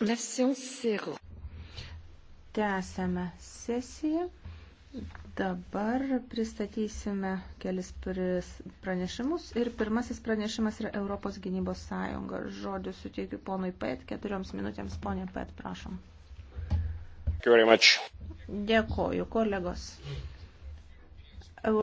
Tęsėme sesiją. Dabar pristatysime kelis pranešimus. Ir pirmasis pranešimas yra Europos gynybos sąjunga. Žodžiu suteikiu ponui Pet, keturioms minutėms. Pone Pet, prašom. Dėkoju, kolegos.